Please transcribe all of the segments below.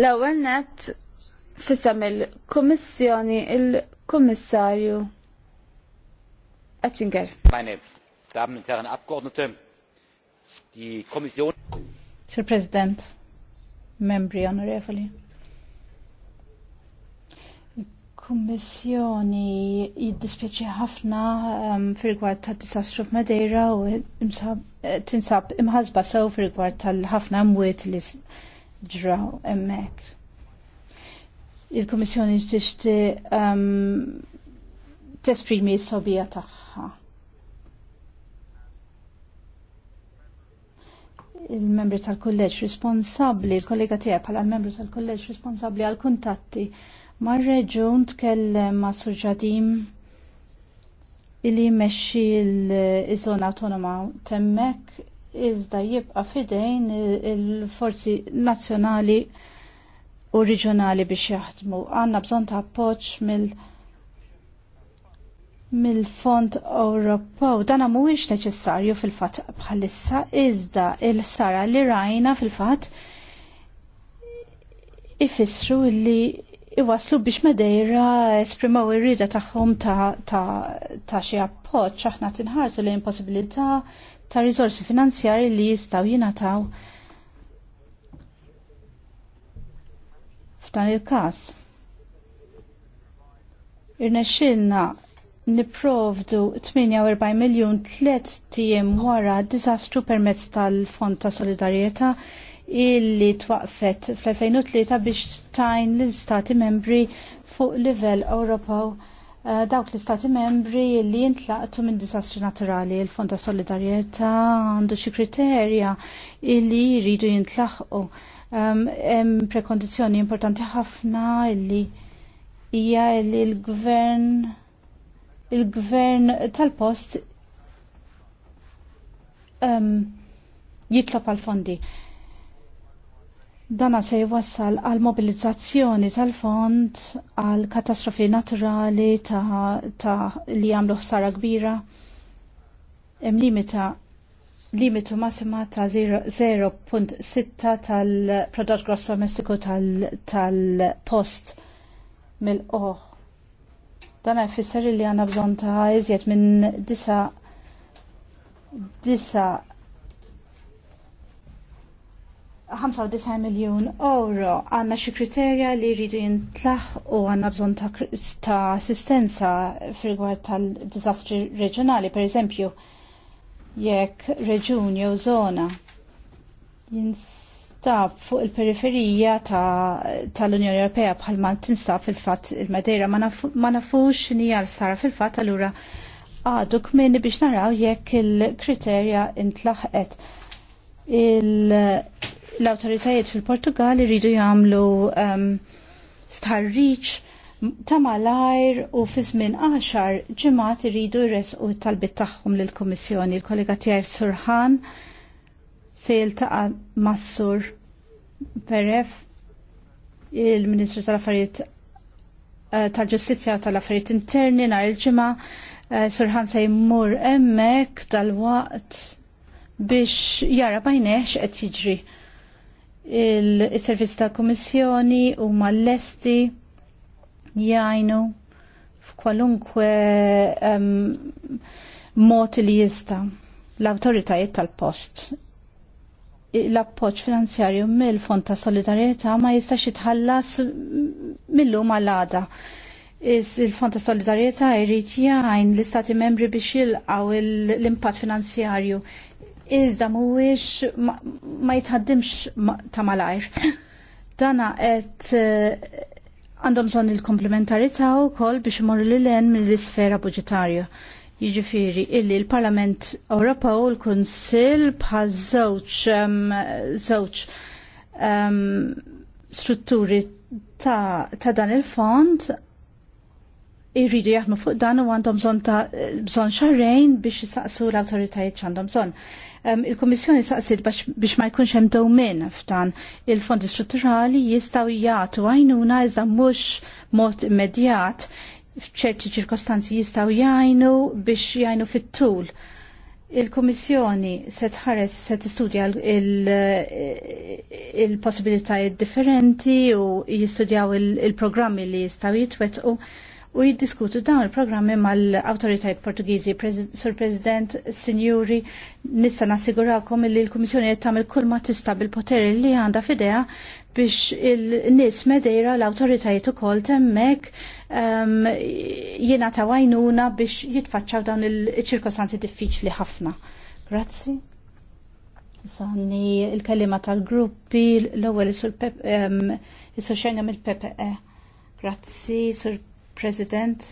L-ewwel nett fisem il-Kummissjoni il-Kummissarju Oettinger. Meine Damen und Herren Abgeordnete, die Kommission. Sir President, membri onorevoli. Kommissjoni jiddispieċi ħafna um, ehm, fil-gwart ta' disastru f'Madeira u tinsab imħazba sew fil-gwart tal-ħafna mwiet li ġraw emmek. Il-Komissjoni ġtixti um, tesprimi s-sobija taħħa. il-membri tal-kolleġ responsabli, il-kollega tiegħek bħala membru tal-kolleġ responsabli għal kuntatti ma' reġun tkellem ma' Surġadim illi meċi l-iżona autonoma temmek iżda jibqa' fidejn il-forzi nazzjonali u reġjonali biex jaħdmu. Għandna bżonn ta' appoġġ mill- mill-Fond Ewropew dan mhuwiex neċessarju fil-fatt bħalissa iżda il-sara li rajna fil-fatt ifissru li iwaslu biex Madeira esprimaw ir-rida tagħhom ta', ta, ta xi appoġġ aħna tinħarsu l impossibilità ta' risorsi finanzjari li jistaw jinataw f'dan il-kas. Irnexxilna niprovdu 48 miljon tliet tiem wara disastru permezz tal-Fond ta' Solidarjetà illi twaqfet fl-2003 biex tajn l istati membri fuq livell Ewropew Eh, dawk l-istati membri li jintlaqtu minn disastri naturali, il-Fonda Solidarieta għandu xi kriterja li jridu jintlaħqu. Hemm um, prekondizzjoni importanti ħafna li hija li l-gvern il-gvern tal-post um, jitlob għal-fondi. Dana se jwassal għal mobilizzazzjoni tal-fond għal katastrofi naturali ta', ta li għamlu ħsara kbira hemm limita limitu massima ta' 0.6 tal-prodott gross domestiku tal-post tal mill-oħ. Dan jfisser li għandna bżon ta' iżjed minn disa' disa' 95 miljon euro għanna xi kriterja li jridu jintlaħ u għanna bżon ta' assistenza fil-gwar tal-dizastri reġjonali, per eżempju, jekk reġun jew zona jinstab fuq il-periferija tal-Unjoni ta Ewropea bħal ma tinstab fil-fatt il-Madeira ma nafux nija sara fil-fatt allura għadu kmini biex naraw jekk il-kriterja intlaħqet il-, -kriterja, il l-autoritajiet fil-Portugal iridu jagħmlu um, starriċ ta' malajr u fi żmien għaxar ġimgħat iridu jresqu talbit tagħhom lill-Kummissjoni. Il-kollega tiegħi Surħan se jiltaqa' Massur Peref il-Ministru tal-Affarijiet eh, tal-Ġustizzja u tal-Affarijiet Interni nhar il-ġimgħa eh, Surħan se jmur hemmhekk tal-waqt biex jara bajnex qed jiġri il-servizzi tal-Kummissjoni huma lesti jajnu f'kwalunkwe mod li jista l-autoritajiet tal-post. L-appoċ finanzjarju mill-Fond ta' Solidarieta ma jistax jitħallas mill-lum għal-għada. Il-Fond ta' Solidarieta jrid jgħin l-Istati membri biex jilqaw l-impatt finanzjarju iżda mhuwiex ma jitħaddimx ta' malajr. Dana qed eh, għandhom bżonn il-komplementarità u biex imorru lil hemm mill-isfera budġetarja. Jiġifieri illi l-Parlament Ewropew u l-Kunsill bħal żewġ żewġ strutturi ta', ta dan il-fond irridu jaħdmu fuq dan u għandhom bżonn ta' eh, bżonn xarrejn biex jisaqsu l-awtoritajiet x'għandhom bżonn. Il-Komissjoni saqsit biex ma jkunx hemm dowmin f'dan il-fondi strutturali jistgħu jagħtu għajnuna iżda mhux mod immedjat f'ċerti ċirkostanzi jistgħu jgħinu biex jgħinu fit-tul il-Komissjoni se tħares se tistudja il-possibilitajiet differenti u jistudjaw il-programmi li jistaw jitwetqu u jiddiskutu dawn il-programmi mal-autoritajt Portugizi, Sur President, Sinjuri, nista' nassigurakom li l-Kummissjoni qed tagħmel kull ma tista' bil-poteri li għandha fidea biex il-nies medejra l-autoritajiet ukoll temmek um, jiena ta' għajnuna biex jitfaċċaw dawn il-ċirkostanzi diffiċli ħafna. Grazzi. Sanni il-kalima tal-gruppi l-ewwel is-sur um, mill-PPE. Grazzi, sur President,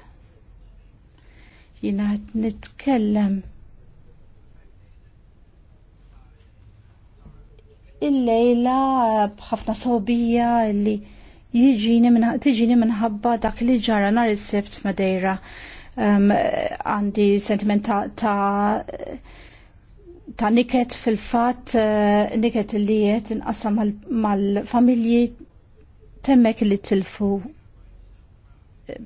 jina nitkellem il-lejla bħafna sobija li jiġini tiġini minħabba dak li ġara nar is-sebt madejra um, Għandi sentiment ta', ta niket fil-fat, uh, niket li jiet inqassam mal-familji temmek li tilfu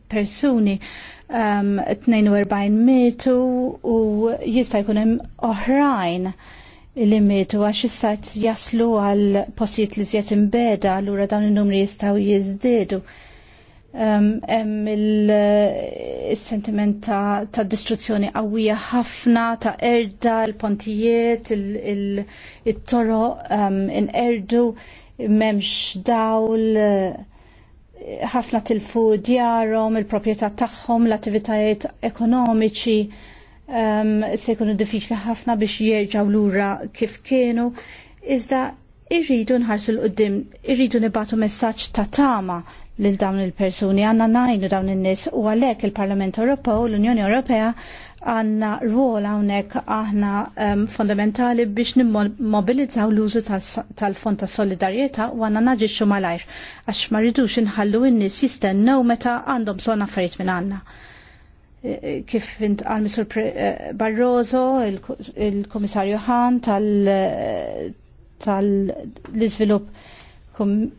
persuni um, 42 mitu u jista' jkun hemm oħrajn li mitu għax jistajt jaslu għal postijiet li zjet imbeda allura dawn in-numri jistgħu jiżdiedu. Um, hemm il-sentiment eh, ta', ta distruzzjoni qawwija ħafna ta' erda, l-pontijiet, il-toro il, il, il um, in-erdu, memx dawl. Uh, ħafna tilfu djarhom, il-proprjetà tagħhom, l-attivitajiet ekonomiċi um, se jkunu diffiċli ħafna biex jerġgħu lura kif kienu. Iżda irridu nħarsu l-qoddim, irridu nibatu messaċ ta' tama lil dawn il-persuni għanna najnu dawn in-nies u għalhekk il-Parlament Ewropew u l-Unjoni Ewropea għanna rwol hawnhekk aħna um, fondamentali biex nimmobilizzaw l-użu tal-fond ta' solidarjetà u għanna naġixxu malajr għax ma rridux inħallu n-nies jistennew meta għandhom bżonn affarijiet minn għandna. E, e, kif vint għal Mr. E, Barroso, il-Komissarju il Hahn tal-iżvilupp tal, tal Um,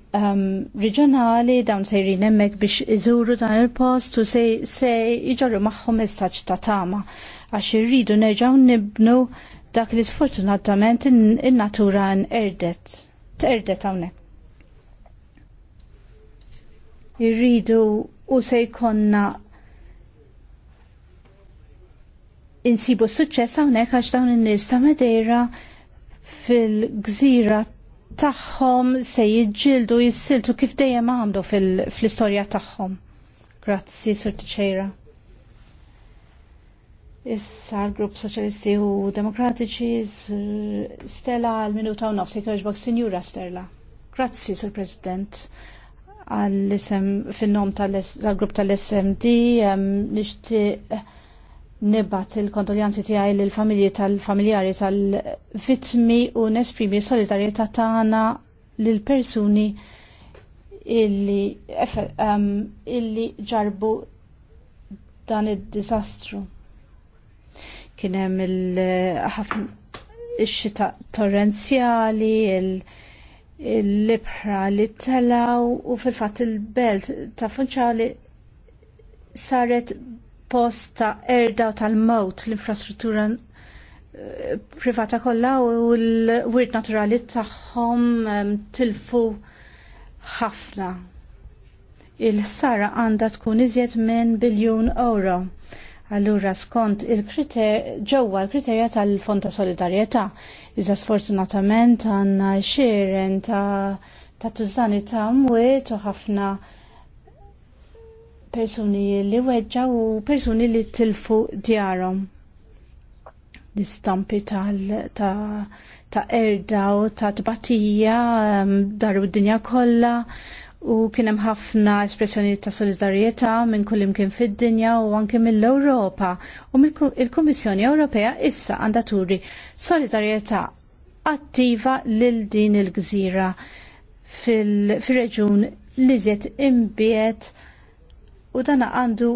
regionali dawn sejrin hemmhekk biex iżuru dan il-post u se jġorru magħhom istaċ ta' tama għax irridu nerġgħu nibnu dak li sfortunatament in-natura T-erdet hawnhekk. Irridu u se jkollna insibu suċċess hawnhekk għax dawn in-nies ta' Madeira fil-gżira tagħhom se jiġġieldu jissiltu kif dejjem għamlu fl-istorja tagħhom. Grazzi, Sur Tiċejra. Issa l-Grupp Soċjalisti u Demokratiċi Stella l minuta u nofsi kħoġbok Sinjura Stella. Grazzi, Sur President għall-isem fin-nom tal-grupp tal-SMD nixtieq nibat il-kondoljanzi tiegħi lill familji tal-familjari tal-vittmi u nesprimi solidarjetà tagħna lil persuni illi, um, illi ġarbu dan id-disastru. Kien hemm il-xita torrenzjali, il-libħra li telaw u fil-fatt il-belt ta' funċali saret post ta' erda u tal-mowt l-infrastruttura eh, privata kollha u l-wirt naturali tagħhom ehm, tilfu ħafna. Il-sara għandha tkun iżjed minn biljun euro. Allura skont il-kriter ġewwa l-kriterja tal-Fond ta' Solidarjetà. Iżda sfortunatament għandna xieren ta' ta' tużani ta' mwiet u ħafna persuni li weġġa u persuni li tilfu djarhom. L-istampi tal ta', erda u ta' tbatija daru d-dinja kollha u kien hemm ħafna espressjoni ta' solidarjetà minn kullim kien fid-dinja u anke mill-Ewropa u mill-Kummissjoni Ewropea issa għandha turi solidarjetà attiva lil din il-gżira fil-reġun li zjet imbiet u dana għandu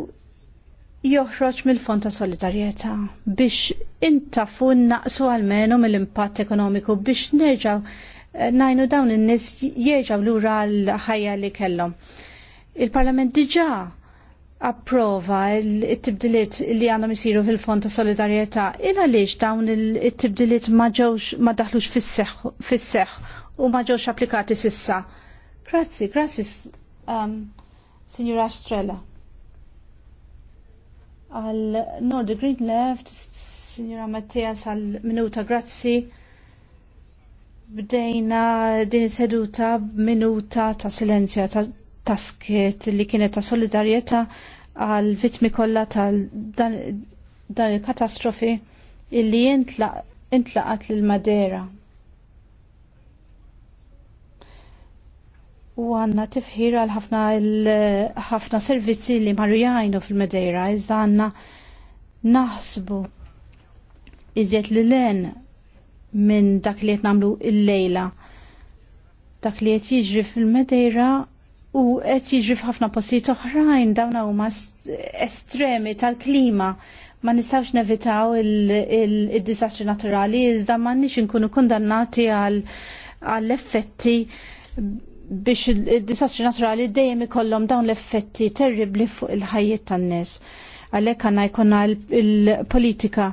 joħroġ mill-fond ta' solidarieta biex intafu naqsu għalmenu mill-impatt ekonomiku biex nerġaw eh, najnu dawn in-nies jerġaw lura l-ħajja li kellhom. Il-Parlament diġà approva il-tibdiliet li għandhom isiru fil-fond ta' solidarieta il għaliex dawn il-tibdiliet ma ġewx ma daħlux fis-seħħ u ma ġewx applikati sissa. Grazzi, grazzi, um, Signora Strella għal Nord Green Left, Signora Mattia sal minuta grazzi. Bdejna din seduta minuta ta' silenzja ta' tasket li kienet ta' solidarieta għal vitmi kollha tal dan, il-katastrofi illi intlaqat lil Madera u għanna tifħir għal ħafna servizzi li marjajnu fil-Madeira, iżda għanna naħsbu iżjed li len minn dak li jtnamlu il-lejla. Dak li jt jiġri fil-Madeira u qed jiġri f'ħafna postijiet oħrajn dawn huma estremi tal-klima. Ma nistawx nevitaw il-disastri naturali iżda ma nix nkunu kondannati għall-effetti biex il-disastri naturali dejjem ikollhom dawn l-effetti terribli fuq il-ħajjiet tan-nies. Għalhekk għandna jkollna l-politika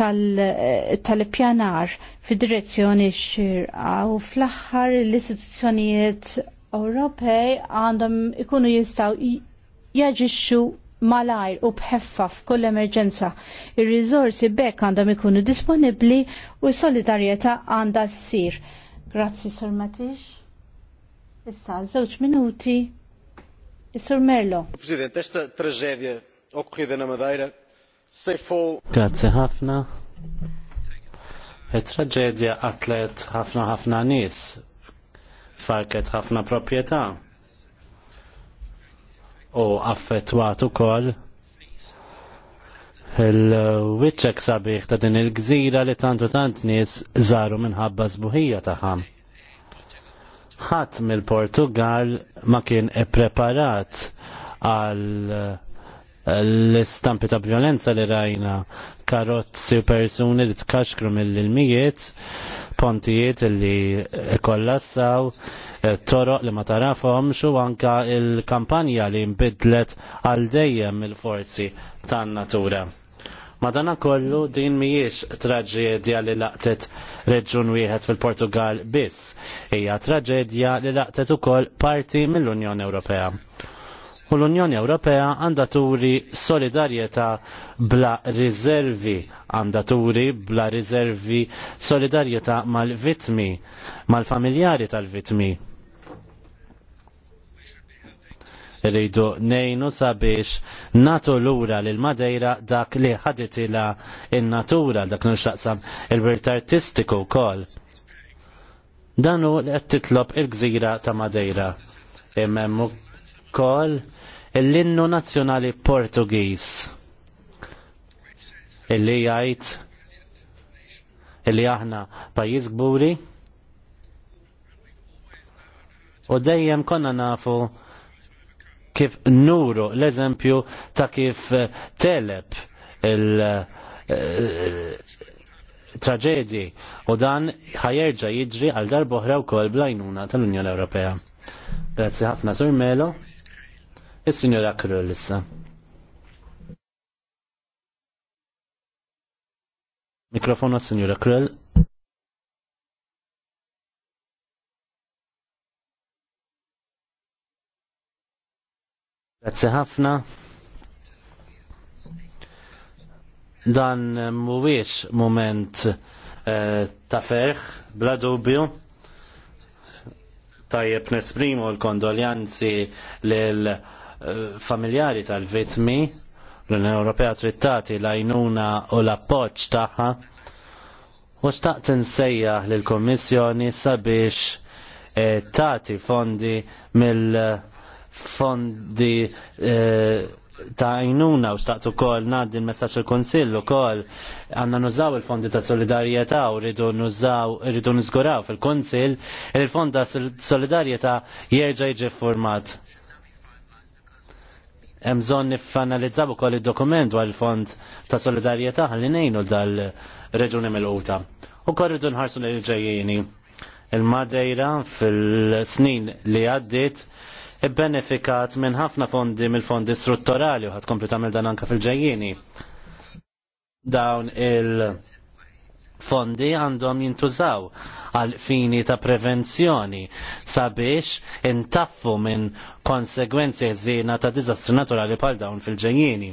tal ippjanar fid-direzzjoni xirqa u fl-aħħar l-istituzzjonijiet Ewropej għandhom ikunu jistgħu jaġixxu malajr u bħeffa f'kull emerġenza. Ir-riżorsi bekk għandhom ikunu disponibbli u s-solidarjetà għandha ssir. Grazzi, Sir Matix. Issa, żewġ minuti. Is-Sur Merlo. President, esta traġedja na Madeira Grazie ħafna. Il-traġedja e atlet ħafna ħafna nies. Farket ħafna proprjetà u affettwat ukoll il-witċek sabiħ ta' din il-gżira li tantu tant nies żaru minħabba sbuħija tagħha ħadd mill-Portugal ma kien ippreparat għal eh, l-istampi ta' violenza li rajna karozzi u persuni li tkaxkru mill-ilmijiet, pontijiet li kollassaw, eh, toroq li ma tarafom, xu anka il-kampanja li mbidlet għal dejjem il-forzi tan-natura. Madana kollu din mhijiex traġedja li laqtet reġun wieħed fil-Portugal biss, hija traġedja li laqtet ukoll parti mill-Unjoni Ewropea. U l-Unjoni Ewropea għandha turi solidarjetà bla riservi, għandha turi bla riservi solidarjetà mal-vitmi, mal-familjari tal-vitmi, rridu nejnu sabiex natu lura lil madejra dak li ħaditila in-natura dak nuxaqsam il-wirt artistiku wkoll. Dan hu qed titlob il-gżira ta' Madeira. Immemmu hemm ukoll l-innu nazzjonali Portugiż illi jgħid illi aħna pajjiż gburi u dejjem konna nafu kif nuru l-eżempju ta' kif eh, teleb il- eh, traġedji u dan ħajerġa jiġri għal darboħra u kol blajnuna tal-Unjoni Ewropea. Grazzi ħafna, Sur Melo. Is-Sinjora Krull issa. Mikrofonu s-Sinjora Krull. Grazie ħafna. Dan mhuwiex moment eh, ta' ferħ, bla dubju. Tajjeb nesprimu l-kondoljanzi lil eh, familjari tal-vitmi l-Unjoni Ewropea trittati l-għajnuna u l-appoċ tagħha u xtaqt insejjaħ lill kummissjoni sabiex eh, tagħti fondi mill- fondi eh, ta' għajnuna u staqtu kol naddin messaċ il-konsillu kol għanna nużaw il-fondi ta' solidarieta u rridu nużaw, rridu nizguraw fil konsill il-fond ta' solidarieta jieġa jieġi format. Emżon nifanalizzabu kol il-dokument dwar il-fond ta' solidarieta għallin nejnu dal-reġuni mill-uta. U kol rridu nħarsu l-ġejjini. il madejra fil-snin li għaddit benefikat minn ħafna fondi mill-fondi strutturali u ħad kompli tagħmel dan anka fil ġajjini Dawn il-fondi għandhom jintużaw għal fini ta' prevenzjoni sabiex intaffu minn konsegwenzi zina ta' diżastri naturali bħal dawn fil ġejjini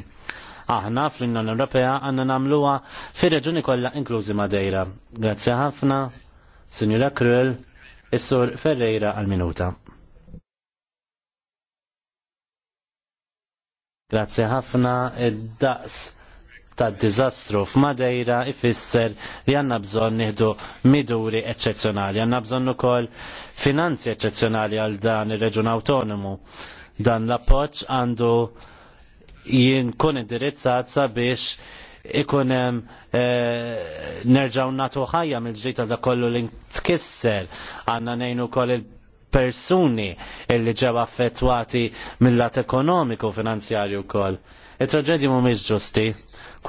aħna fl-Unjoni Ewropea għandna nagħmluha fir-reġuni kollha inklużi Madeira. Grazzi ħafna, Sinjura Krull, is-Sur Ferreira għal-Minuta. Grazzi ħafna id-daqs ta' dizastru f'Madeira ifisser li għanna bżon nieħdu miduri eccezzjonali, għanna bżon ukoll finanzi eccezzjonali għal dan ir-reġun autonomu. Dan l-appoġġ għandu jien kun indirizzat sabiex ikun hemm eh, nerġaw natu ħajja mill-ġrita da kollu li tkisser għanna nejnu koll il persuni illi ġew affettwati mill-lat ekonomiku finanzjarju wkoll. Il-traġedji mhumiex ġusti,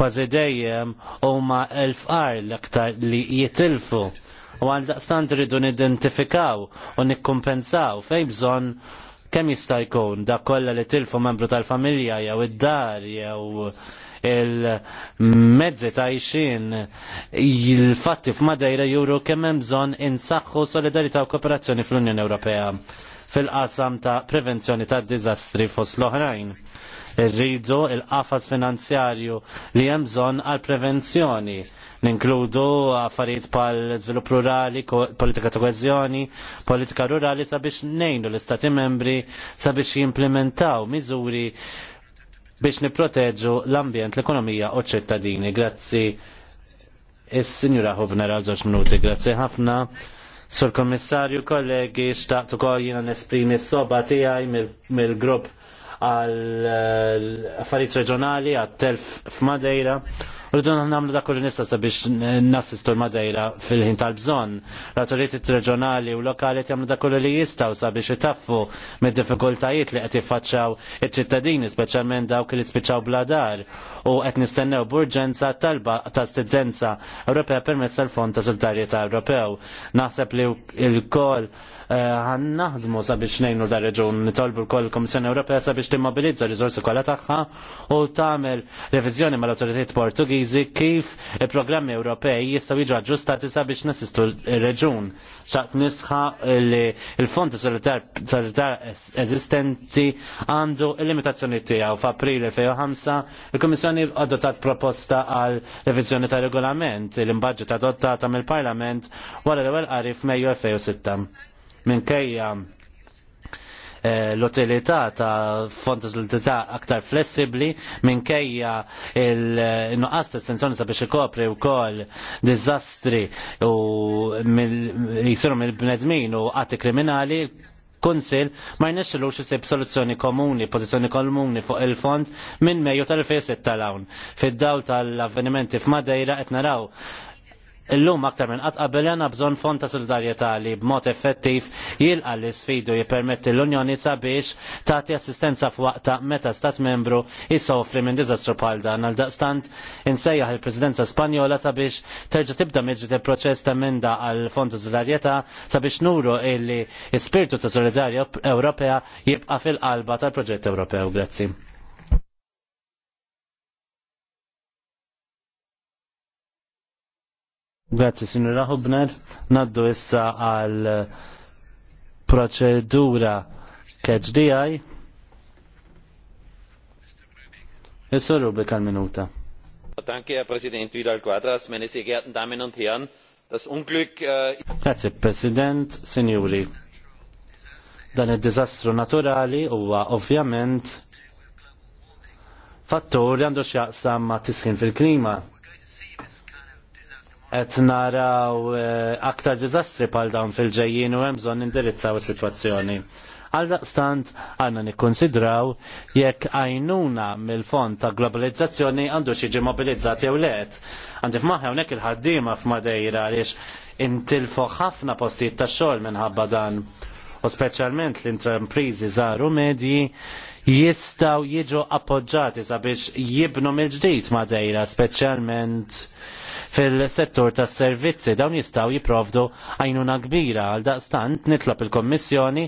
kważi dejjem huma l l-aktar li jitilfu u għal daqstant rridu nidentifikaw u nikkumpensaw fej bżon kemm jista' jkun dak kollha li tilfu membru tal-familja jew id-dar jew il-mezzi ta' ixin il-fatti f'Madeira juru kemm hemm bżonn insaħħu u kooperazzjoni fl-Unjoni Ewropea fil-qasam ta' prevenzjoni ta' dizastri fost l-oħrajn. Irridu il-qafas finanzjarju li hemm bżonn għal prevenzjoni. Ninkludu affarijiet pal żvilupp rurali, politika ta' kwezjoni, politika rurali sabiex nejnu l-Istati membri sabiex jimplementaw miżuri biex niproteġu l-ambjent, l-ekonomija u ċittadini. Grazzi is-Sinjura Hubner għal zoċ minuti. Grazzi ħafna. Sur Kommissarju, kollegi, xtaqt ukoll jiena nesprimi s-soba tiegħi mill-grupp għal eh, affarijiet reġjonali għat-telf f'Madeira. Rridu nagħmlu dak kull nista sabiex nassistu l-Madejra fil-ħin tal-bżonn. L-autoritet reġjonali u lokali jagħmlu dak kull li jistgħu sabiex itaffu mid-diffikultajiet li qed jiffaċċaw iċ-ċittadini, speċjalment dawk li spiċċaw bla dar u qed nistennew b'urġenza talba ta' stidenza Ewropea permezz tal-Fond ta' Solidarjetà Ewropew. Naħseb li l-kol Eh, għan sabiex nejnu da reġun nitolbu l-koll Komissjoni Ewropea sabiex timmobilizza rizorsi kollha tagħha u tagħmel reviżjoni mal autoritet Portugiżi kif il-programmi Ewropej jistaw jiġu aġġustati sabiex nasistu r-reġun. Xaqt nisħa li l-fond solitar eżistenti għandu il-limitazzjoni tiegħu f'April 2005 il-Komissjoni adottat proposta għal reviżjoni ta' regolament il imbagġet adottata mill-Parlament wara l-ewwel qari f'Mejju 2006 minkejja eh, l-utilità ta' fontes l-utilità aktar flessibli minkejja il-nuqqas ta' estensjoni sabiex ikopri wkoll diżastri u jisiru mill-bnedmin u għati kriminali kunsil ma jnexxilu xisib soluzzjoni komuni, pożizzjoni komuni fuq il-fond minn Mejju tal-2006 tal għawn Fid-dawl tal-avvenimenti f'Madejra qed naraw Illum aktar minn qatt qabel għandna bżonn fond ta' solidarjetà li b'mod effettiv jilqa l isfidu jippermetti l-Unjoni sabiex tagħti assistenza f'waqta meta stat membru jissofri minn diżastru bħal dan għal daqstant insejjaħ il-Presidenza Spanjola sabiex terġa' tibda miġri il proċess ta' minda għal fond ta' solidarjetà sabiex nuru illi l-ispirtu ta' solidarja Ewropea jibqa' fil-qalba tal-proġett Ewropew. Grazzi. Grazie Sinura Hubner. Naddu issa għal proċedura KHDI. Issu Rubik għal minuta. Danke, Herr Präsident Vidal Quadras, meine sehr geehrten Damen und Herren. Das Unglück. Äh, Grazie, Präsident, Signori. Dan il disastro naturali huwa ovvjament fattur li għandu xjaqsam ma' tisħin fil-klima qed naraw eh, aktar diżastri bħal dawn fil-ġejjin u hemm bżonn indirizzaw is-sitwazzjoni. Għal daqstant għanna nikkonsidraw jekk għajnuna mill-fond ta' globalizzazzjoni għandu xi ġi mobilizzat jew let. Għandi f'maħħa hawnhekk il-ħaddiema f'Madejra għaliex intilfu ħafna postijiet ta' xogħol minħabba dan. U speċjalment l-intrapriżi żaru medji jistgħu jiġu appoġġati sabiex jibnu mill-ġdid Madejra, speċjalment fil-settur tas servizzi dawn jistaw jiprovdu għajnuna kbira għal daqstant nitlob il-Kommissjoni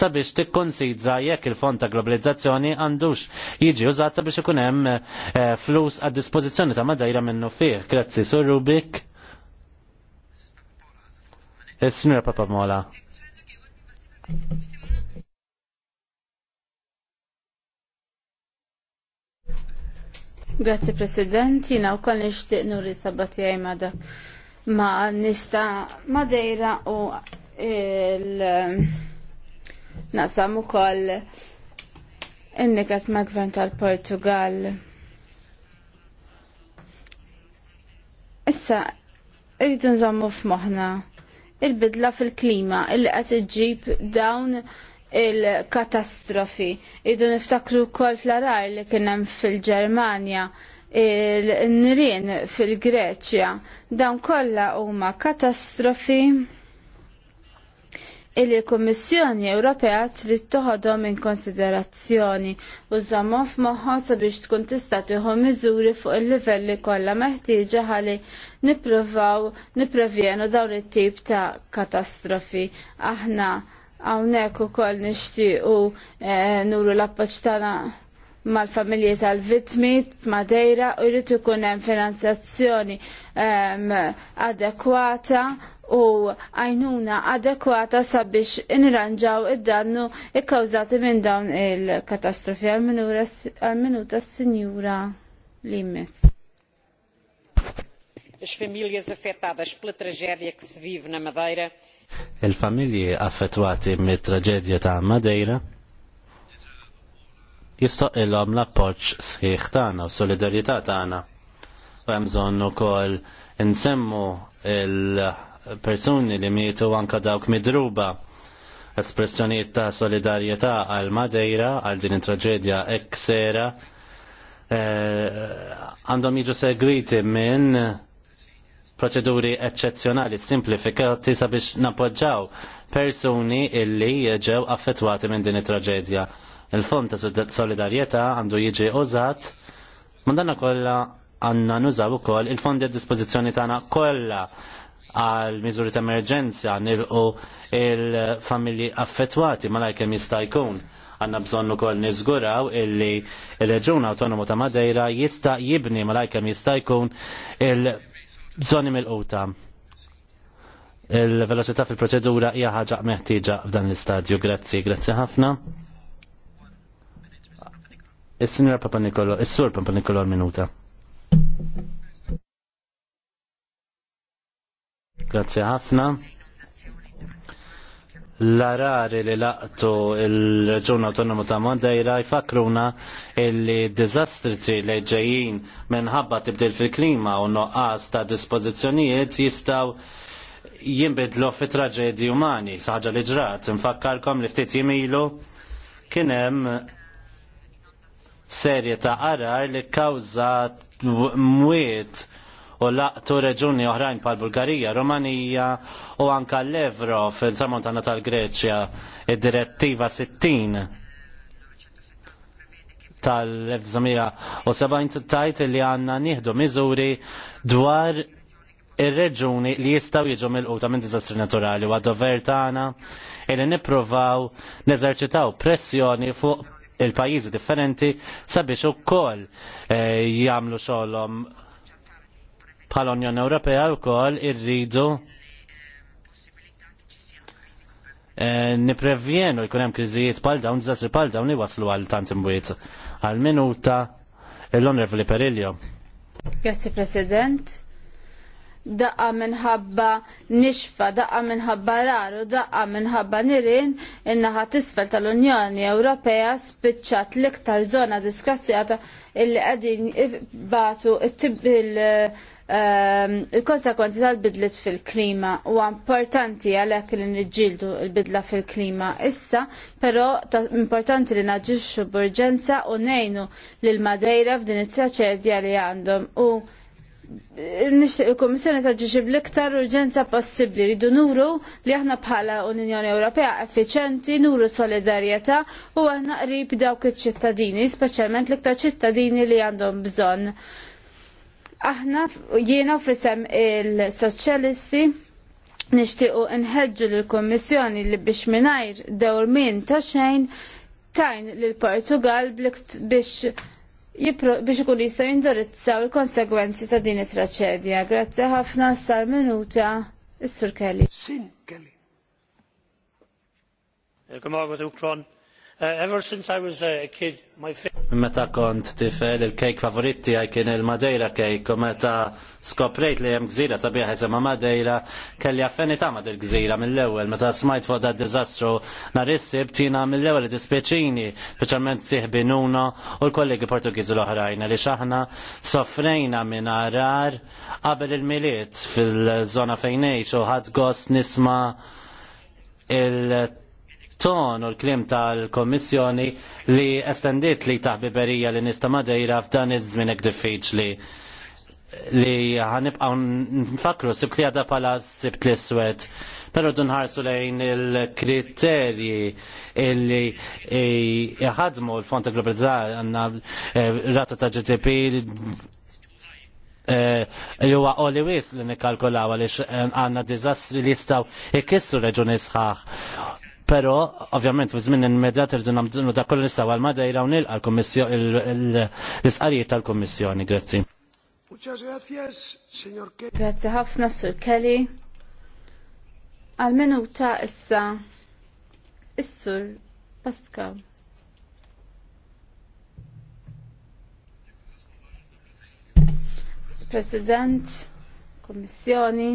sabiex tikkonsidra jekk il-fond ta' globalizzazzjoni għandux jiġi użat sabiex ikun hemm eh, flus għad dispożizzjoni ta' madajra minnu fih. Grazzi, Sur Rubik. Eh, is Papa Papamola. Grazie President, jina u koll nishtiq nuri sabati għaj ma dak ma nista Madeira u il naqsam u koll innikat ma gvern tal-Portugal. Issa, irridu nżommu f'moħna il-bidla fil-klima il-li għat iġib dawn il-katastrofi. Idu niftakru kol fl-arar li kienem fil-Germania, il-nirien fil-Greċja. Dan kolla huma katastrofi il kummissjoni Ewropea trid toħodhom in konsiderazzjoni u żammhom f'moħħa sabiex tkun tista' tieħu miżuri fuq il-livelli kollha meħtieġa ħalli nippruvaw nipprevjenu dawn it-tip ta' katastrofi. Aħna Hawnhekk ukoll nixtiequ eh, nuru l-appoġġ mal-familji tal-vittmi Madeira u jrid ikun hemm finanzazzjoni ehm, adekwata u għajnuna adekwata sabiex inranġaw id-dannu ikkawżati minn dawn il-katastrofi għal-minuta s-sinjura li jmiss as famílias afetadas pela tragédia que se vive na Madeira. Il-familji affettwati mit-traġedja ta' Madeira jistoqilhom la poċ sħiħ tagħna u solidarjetà tagħna. U hemm u kol insemmu il personi li mietu anke dawk midruba espressjoniet ta' solidarjetà għal Madeira għal din it-traġedja eksera eh, għandhom jiġu segwiti minn proċeduri eccezzjonali simplifikati sabiex napoġġaw persuni illi ġew affettwati minn din it-traġedja. Il-fond ta' solidarjetà għandu jiġi użat mandanna kollha għandna nużaw ukoll il-fondi a dispożizzjoni tagħna kollha għal miżuri ta' emerġenza nilqu il-familji affettwati malajk kemm jista' jkun. Għanna bżonn ukoll niżguraw illi il-Reġun Awtonomu ta' Madeira jista' jibni malajk kemm jista' jkun il- bżonni mill qota Il-veloċità fil-proċedura hija ħaġa meħtieġa f'dan l-istadju. Grazzi, grazzi ħafna. Is-Sinjora Papa Nikolo, is-Sur Papa Nikolo minuta. Grazzi ħafna l-arari li laqtu il-reġun autonomu ta' Mondejra jfakruna il dizastri li ġejjin minħabba tibdil fil-klima u noqqas ta' dispozizjonijiet jistaw jimbidlu fi traġedji umani, saħġa li ġrat. Nfakkarkom li ftit jimilu kienem serje ta' arar li kawza mwiet u laqtu reġuni oħrajn pal Bulgarija, Romanija u anka l-Evro fil-tramontana tal-Greċja id-direttiva 60 tal-1970 tajt li għanna nieħdu miżuri dwar ir-reġuni li jistaw jiġu mill-quta minn diżastri naturali u għad-dover tagħna li nippruvaw neżerċitaw pressjoni fuq il-pajjiżi differenti sabiex ukoll eh, jagħmlu xogħolhom Bħal Unjoni Ewropea wkoll irridu eh, niprevjenu jkun hemm kriżijiet bħal dawn, diżastri bħal dawn li waslu għal tant imwiet. Għal minuta l-Onorevoli Perillo. Grazie President daqqa minħabba nixfa, daqqa minħabba raru, daqqa minħabba nirin, innaħa tisfel tal-Unjoni Ewropea spiċċat l-iktar zona diskrazzjata illi għadin batu ehm, il-konsekwenzi tal-bidlit fil-klima u importanti għalek li nġildu il-bidla fil-klima issa, pero importanti li naġġiġu burġenza u nejnu l-Madejra f'din it-traċedja li għandhom u nixtieq il-Kummissjoni ġiġib l iktar urġenza possibbli ridu nuru li aħna bħala Unjoni Ewropea effiċenti, nuru solidarjetà u aħna qrib dawk iċ-ċittadini, speċjalment l-iktar ċittadini li għandhom bżonn. Aħna jiena frisem il-soċjalisti nixtiequ nħeġġu lill-Kummissjoni li biex mingħajr dewr min ta' xejn tajn l portugal biex biex ikun jistgħu jindirizzaw il-konsegwenzi ta' din it-traċedja. Grazzi ħafna sal-minuta is-Sur Kelly. Sin Kelly. Uh, ever since I was a kid, my Meta kont tifel il-kejk favorit tiegħi kien il-Madeira kejk u meta skoprejt li hemm gżira sabiħ jisimha Madeira kelli affinità ma' il gżira mill-ewwel meta smajt fuq dat diżastru nhar issib tina mill-ewwel dispjaċini, speċjalment sieħbi Nuno u l-kollegi Portugiżi l-oħrajn li x'aħna soffrejna minn arar qabel il-miliet fil-żona fejn ngħix u ħadd gost nisma' il- ton u l-klim tal-Komissjoni li estendiet li taħbiberija li nista madejra f'dan iż-żmien hekk diffiċli li ħanibqgħu nfakru sibt li għadha pala sibt iswed. Però Pero dunħarsu lejn il-kriterji illi jħadmu l-fond ta' globalizzar għanna eh, rata ta' GDP eh, li huwa qoli wis li nikkalkulaw għaliex eh, għandna diżastri li jistgħu ikissru reġuni sħaħ Pero, ovvjament, il immedjat irdu nagħmlu dak kollu nistgħu għal-Madejra u nilqa' l-isqarijiet tal-Kummissjoni. Grazzi. Grazzi ħafna, Sur Kelly. Għal-minuta issa, is-Sur Pascal. President, Kommissjoni,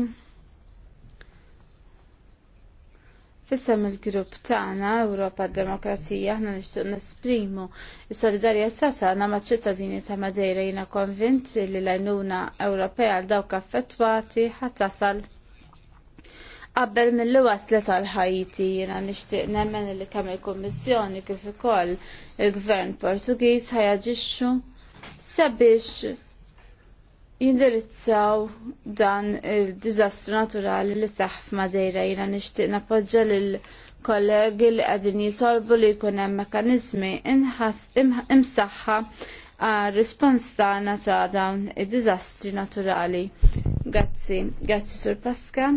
Fissem il-grupp tagħna Ewropa Demokrazija aħna nixtieq nesprimu s-solidarjetà tagħna maċ-ċittadini ta' Madeira jiena konvint li l-għajnuna Ewropea għal dawk affettwati ħatasal qabel mill waslet tal ħajti jiena nixtieq nemmen li kemm il-Kummissjoni kif ukoll il-Gvern Portugiż ħajaġixxu sabiex jindirizzaw dan il-dizastru naturali li saħ f'Madeira jina nixtieq napoġġa l kollegi li qegħdin jisolbu li jkun hemm imsaxħa imsaħħa għal rispons tagħna ta' dawn id-diżastri naturali. Grazzi, grazzi Sur Pasqa,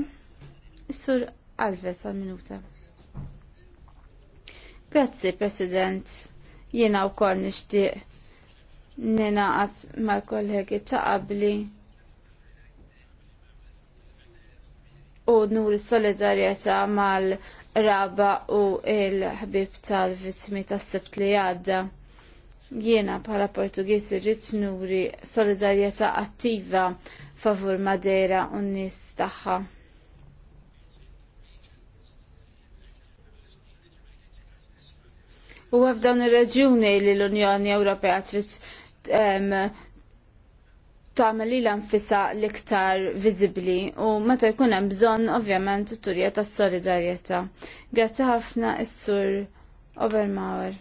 Sur Alves għal minuta. Grazzi President, jiena wkoll nixtieq ninaqat mal-kollegi ta' qabli u nuri solidarjetà mal-raba u il-ħbib tal-vittmi tas-sibt li għadda. Jiena bħala Portugis rrit nuri solidarjetà attiva favur Madeira u n-nies tagħha. U f'dawn ir-reġjuni li l-Unjoni Ewropea trid tagħmel lil nfisha l-iktar viżibbli u meta jkun hemm bżonn ovvjament turja tas-solidarjetà. Grazzi ħafna is-sur Obermauer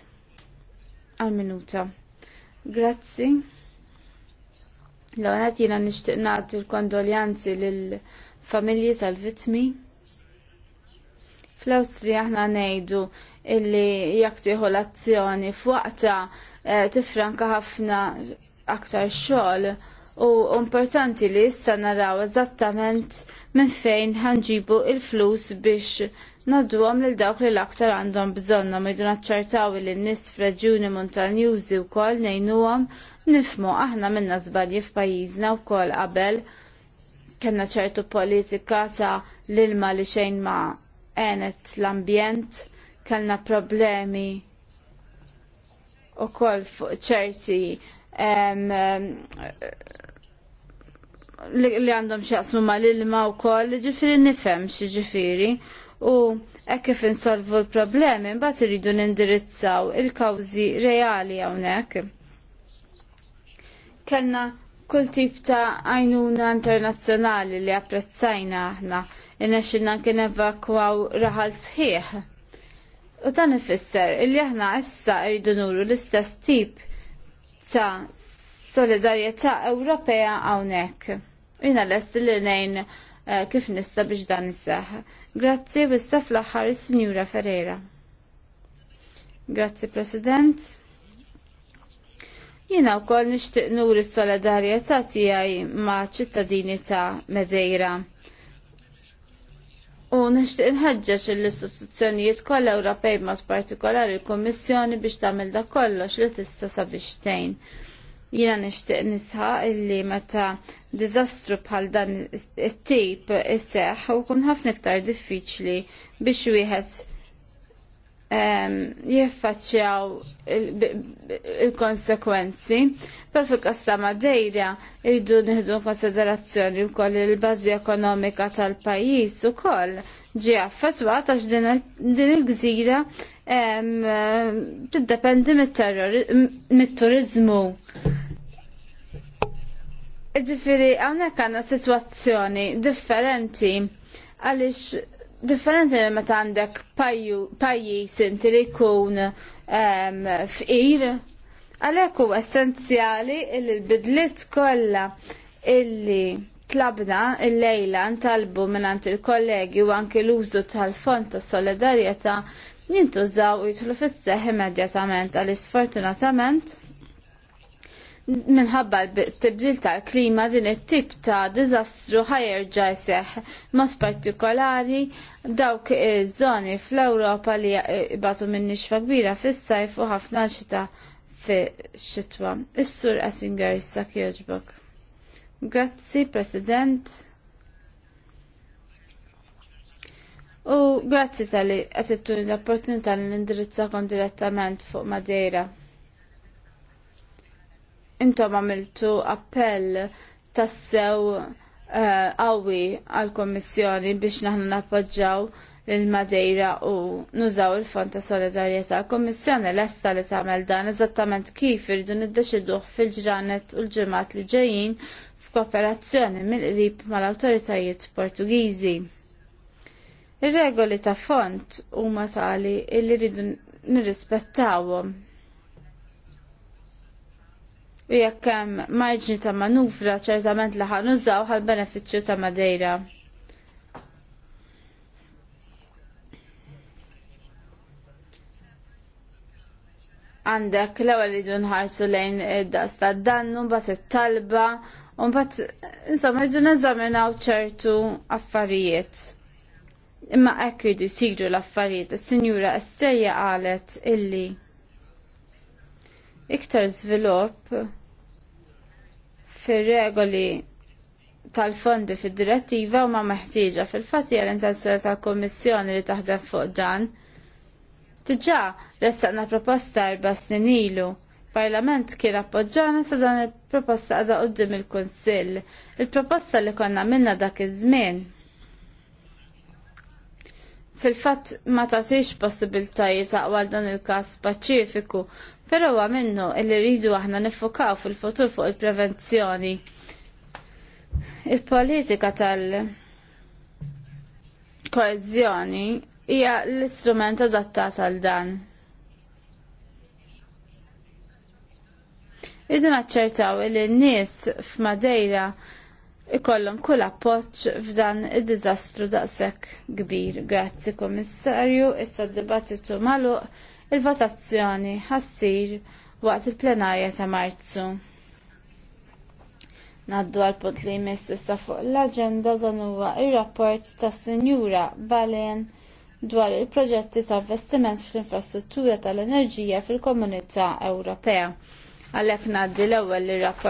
għal-minuta. Grazzi. L-għanat jina nishtiq nagħti l-kondoljanzi lill familji tal-vittmi. Fl-Awstrija aħna ngħidu illi jekk tieħu l-azzjoni f'waqta eh, tifranka ħafna aktar xogħol u importanti li issa naraw eżattament minn fejn ħanġibu il-flus biex nadduhom lil dawk li l-aktar għandhom bżonnhom idu naċċertaw li n-nies f'reġjuni montanjużi wkoll ngħinuhom nifmu aħna minna żbalji f'pajjiżna wkoll qabel kena ċertu politika ta' l-ilma li xejn ma għenet l-ambjent, kellna problemi koll fuq ċerti li għandhom xaqsmu ma l-ilma u koll, ġifiri nifem ġifiri u ekk kif insolvu l-problemi, mbagħad iridu nindirizzaw il-kawżi reali hawnhekk. Kellna kull tip ta' għajnuna internazzjonali li apprezzajna aħna innexxilna kien evakwaw raħal sħiħ. U dan ifisser illi aħna issa rridu nuru l-istess tip ta' solidarjetà Ewropea hawnhekk. Jina lest li nejn eh, kif nista biex dan nseħ. Grazzi bis-sa fl-aħħar is-Sinjura Ferreira. Grazzi President. Jiena wkoll nixtieq nuri s-solidarjetà tiegħi ma' ċittadini ta' Medeira. U nixtieq nħeġġeġ l-istituzzjonijiet kollha Ewropej mod partikolari l-Kummissjoni biex tagħmel dak kollox li tista' sabiex tgħin. Jiena nixtieq nisħaq illi meta diżastru bħal dan it-tip isseħħ u kun ħafna iktar diffiċli biex wieħed jiffaċċjaw il-konsekwenzi. Per fil-kas ta' Madeira irridu nħidu konsiderazzjoni wkoll il-bażi ekonomika tal-pajjiż ukoll ġie affettwata għax din il-gżira tiddependi mit-turizmu. Ġifiri, għawnek għanna situazzjoni differenti għalix differenti meta għandek pajjiż inti li jkun fqir, għalhekk huwa essenzjali li l-bidliet kollha illi tlabna il-lejla ntalbu minnant il-kollegi u anke l-użu tal-fond ta' solidarjetà jintużaw jitħlu fis-seħ immedjatament għal sfortunatament minħabba l-tibdil tal-klima din it-tip ta' diżastru ħajerġa jseħ mod partikolari dawk iż-żoni fl-Ewropa li jibatu minn nixfa kbira fis-sajf u ħafna xita fix-xitwa. Is-sur Essinger, issa jogħġbok. Grazzi, President. U grazzi tal-li għatittuni l-opportunità li nindirizzakom direttament fuq Madeira intom għamiltu appell tassew eh, qawwi uh, għal komissjoni biex naħna nappoġġaw il-Madeira u nużaw il-Fond ta' Solidarjetà. l lesta li tagħmel dan eżattament kif irridu niddeċiduh fil-ġranet u l-ġimgħat li ġejjin f'kooperazzjoni mill-qrib mal-awtoritajiet Portugiżi. Ir-regoli ta' fond huma tali li rridu nirrispettawhom u jekk hemm marġni ta' manuvra ċertament li ħan nużaw ħal benefiċċju ta' Madeira. Għandek l-ewwel idu nħarsu lejn id-daqs ta' dannu, mbagħad it-talba, u mbagħad insomma rridu neżaminaw ċertu affarijiet. Imma hekk jridu jsiru l-affarijiet, is-Sinjura Estrejja qalet illi iktar żvilupp fir-regoli tal-fondi fid-direttiva u ma meħtieġa fil-fatt hija l-intenzjoni tal-Kummissjoni li taħdem fuq dan. Diġà ressaqna proposta erba' snin ilu. Parlament kien appoġġana sa dan il-proposta għadha qudiem il-Kunsill. Il-proposta li konna minna dak iż-żmien fil-fatt ma tagħtix possibiltajiet għal dan il-każ paċifiku Pero huwa minnu illi rridu aħna nifokaw fil-futur fuq il-prevenzjoni. Il-politika tal-koezjoni hija l-istrument eżattat għal dan. Idu naċċertaw li n-nies f'Madeira ikollhom kull appoġġ f'dan id-diżastru daqshekk kbir. Grazzi Komissarju, issa d-dibattitu magħluq Il-votazzjoni ħassir waqt il-plenarja ta' Marzu. Naddu għal punt li jmiss issa fuq l-agenda dan huwa il rapport ta' Sinjura Balen dwar il-proġetti ta' investiment fl-infrastruttura tal-enerġija fil-Komunità Ewropea. Għalhekk ngħaddi l-ewwel ir-rapport